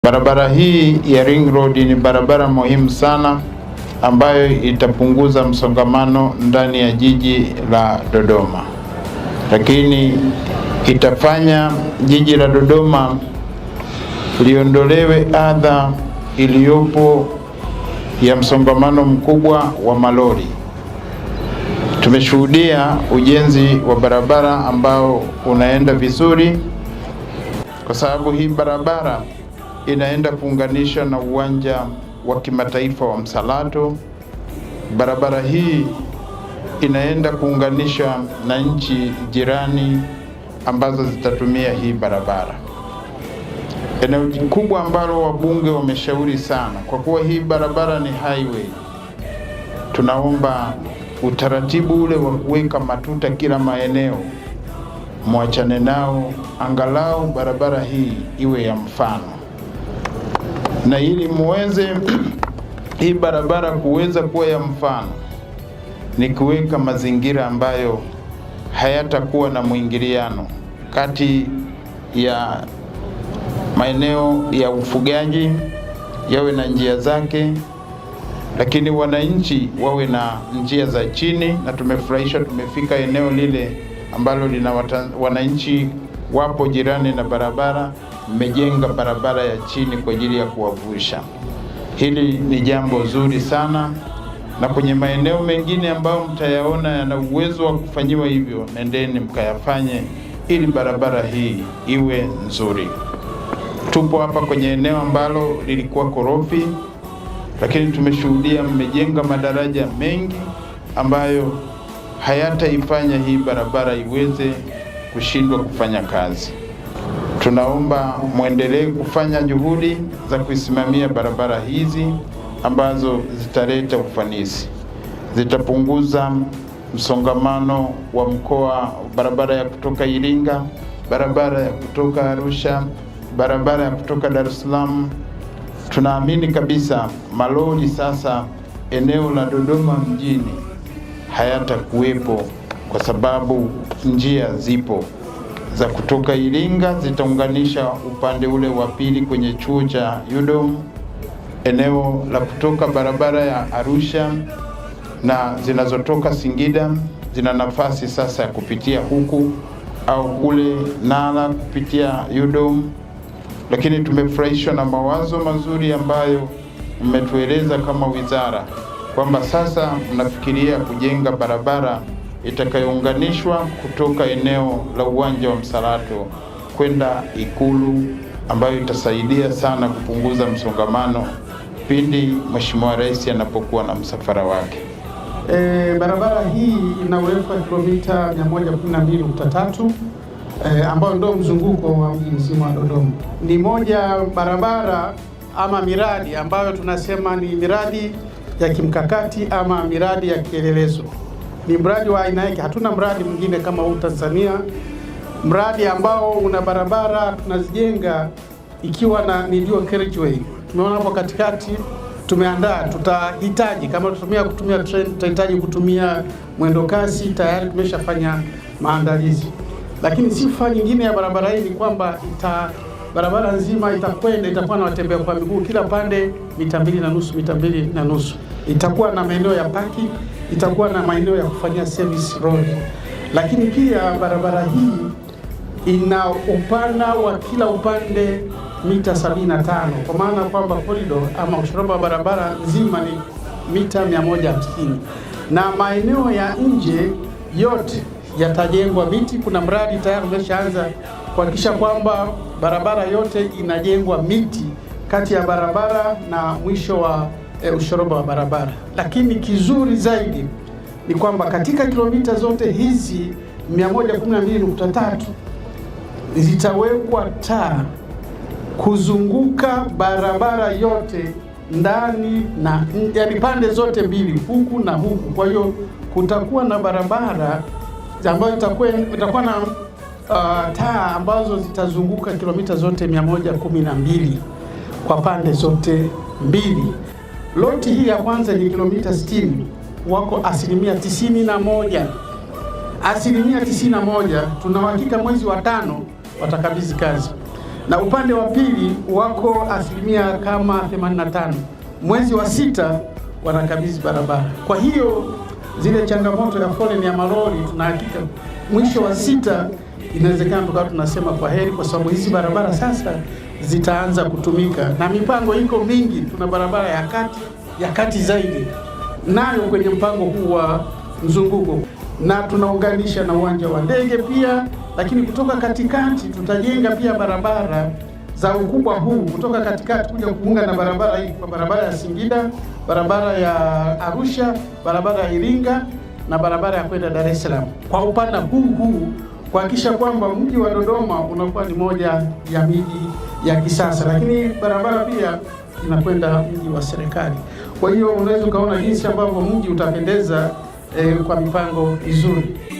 Barabara hii ya Ring Road ni barabara muhimu sana ambayo itapunguza msongamano ndani ya jiji la Dodoma, lakini itafanya jiji la Dodoma liondolewe adha iliyopo ya msongamano mkubwa wa malori. Tumeshuhudia ujenzi wa barabara ambao unaenda vizuri, kwa sababu hii barabara inaenda kuunganisha na uwanja wa kimataifa wa Msalato. Barabara hii inaenda kuunganisha na nchi jirani ambazo zitatumia hii barabara. Eneo kubwa ambalo wabunge wameshauri sana, kwa kuwa hii barabara ni highway, tunaomba utaratibu ule wa kuweka matuta kila maeneo mwachane nao, angalau barabara hii iwe ya mfano na ili muweze hii barabara kuweza kuwa ya mfano ni kuweka mazingira ambayo hayatakuwa na mwingiliano kati ya maeneo ya ufugaji, yawe na njia zake, lakini wananchi wawe na njia za chini. Na tumefurahishwa tumefika eneo lile ambalo lina wananchi wapo jirani na barabara mmejenga barabara ya chini kwa ajili ya kuwavusha. Hili ni jambo zuri sana, na kwenye maeneo mengine ambayo mtayaona yana uwezo wa kufanyiwa hivyo, nendeni mkayafanye ili barabara hii iwe nzuri. Tupo hapa kwenye eneo ambalo lilikuwa korofi, lakini tumeshuhudia mmejenga madaraja mengi ambayo hayataifanya hii barabara iweze kushindwa kufanya kazi. Tunaomba mwendelee kufanya juhudi za kuisimamia barabara hizi ambazo zitaleta ufanisi, zitapunguza msongamano wa mkoa, barabara ya kutoka Iringa, barabara ya kutoka Arusha, barabara ya kutoka Dar es Salaam. Tunaamini kabisa malori sasa eneo la Dodoma mjini hayatakuwepo kwa sababu njia zipo za kutoka Iringa zitaunganisha upande ule wa pili kwenye chuo cha UDOM eneo la kutoka barabara ya Arusha na zinazotoka Singida zina nafasi sasa ya kupitia huku au kule Nala kupitia UDOM. Lakini tumefurahishwa na mawazo mazuri ambayo mmetueleza kama wizara kwamba sasa mnafikiria kujenga barabara itakayounganishwa kutoka eneo la uwanja wa Msalato kwenda Ikulu, ambayo itasaidia sana kupunguza msongamano pindi Mheshimiwa Rais anapokuwa na msafara wake. E, barabara hii ina urefu wa kilomita 112.3 e, ambayo ndio mzunguko wa mji mzima wa Dodoma. Ni moja barabara ama miradi ambayo tunasema ni miradi ya kimkakati ama miradi ya kielelezo ni mradi wa aina yake. Hatuna mradi mwingine kama huu Tanzania, mradi ambao una barabara tunazijenga ikiwa na nilio carriageway. Tumeona hapo katikati tumeandaa, tutahitaji kama tutumia kutumia train, tutahitaji kutumia mwendo kasi, tayari tumeshafanya maandalizi. Lakini sifa nyingine ya barabara hii ni kwamba ita barabara nzima itakwenda itakuwa na watembea kwa miguu kila pande mita mbili na nusu mita mbili na nusu itakuwa na maeneo ya parking itakuwa na maeneo ya kufanyia service road, lakini pia barabara hii ina upana wa kila upande mita 75 kwa maana kwamba korido ama ushoroba wa barabara nzima ni mita 150 na maeneo ya nje yote yatajengwa miti. Kuna mradi tayari umeshaanza kuhakikisha kwamba barabara yote inajengwa miti kati ya barabara na mwisho wa e, ushoroba wa barabara, lakini kizuri zaidi ni kwamba katika kilomita zote hizi 112.3 zitawekwa taa kuzunguka barabara yote ndani na yaani pande zote mbili huku na huku. Kwa hiyo kutakuwa na barabara ambayo itakuwa na uh, taa ambazo zitazunguka kilomita zote 112 kwa pande zote mbili. Loti hii ya kwanza ni kilomita 60 wako asilimia 91, asilimia 91. Tunauhakika mwezi wa tano watakabidhi kazi, na upande wa pili wako asilimia kama 85, mwezi wa sita wanakabidhi barabara. Kwa hiyo zile changamoto ya foleni ya malori tunahakika mwisho wa sita inawezekana tukawa tunasema kwa heri, kwa sababu hizi barabara sasa zitaanza kutumika, na mipango iko mingi. Tuna barabara ya kati ya kati zaidi nayo kwenye mpango huu wa mzunguko, na tunaunganisha na uwanja wa ndege pia, lakini kutoka katikati tutajenga pia barabara za ukubwa huu kutoka katikati kuja kuunga na barabara hii kwa barabara ya Singida, barabara ya Arusha, barabara ya Iringa na barabara ya kwenda Dar es Salaam kwa upana huu huu kuhakikisha kwamba mji wa Dodoma unakuwa ni moja ya miji ya kisasa, lakini barabara pia inakwenda mji wa serikali. Kwa hiyo unaweza ukaona jinsi ambavyo mji utapendeza eh, kwa mipango mizuri.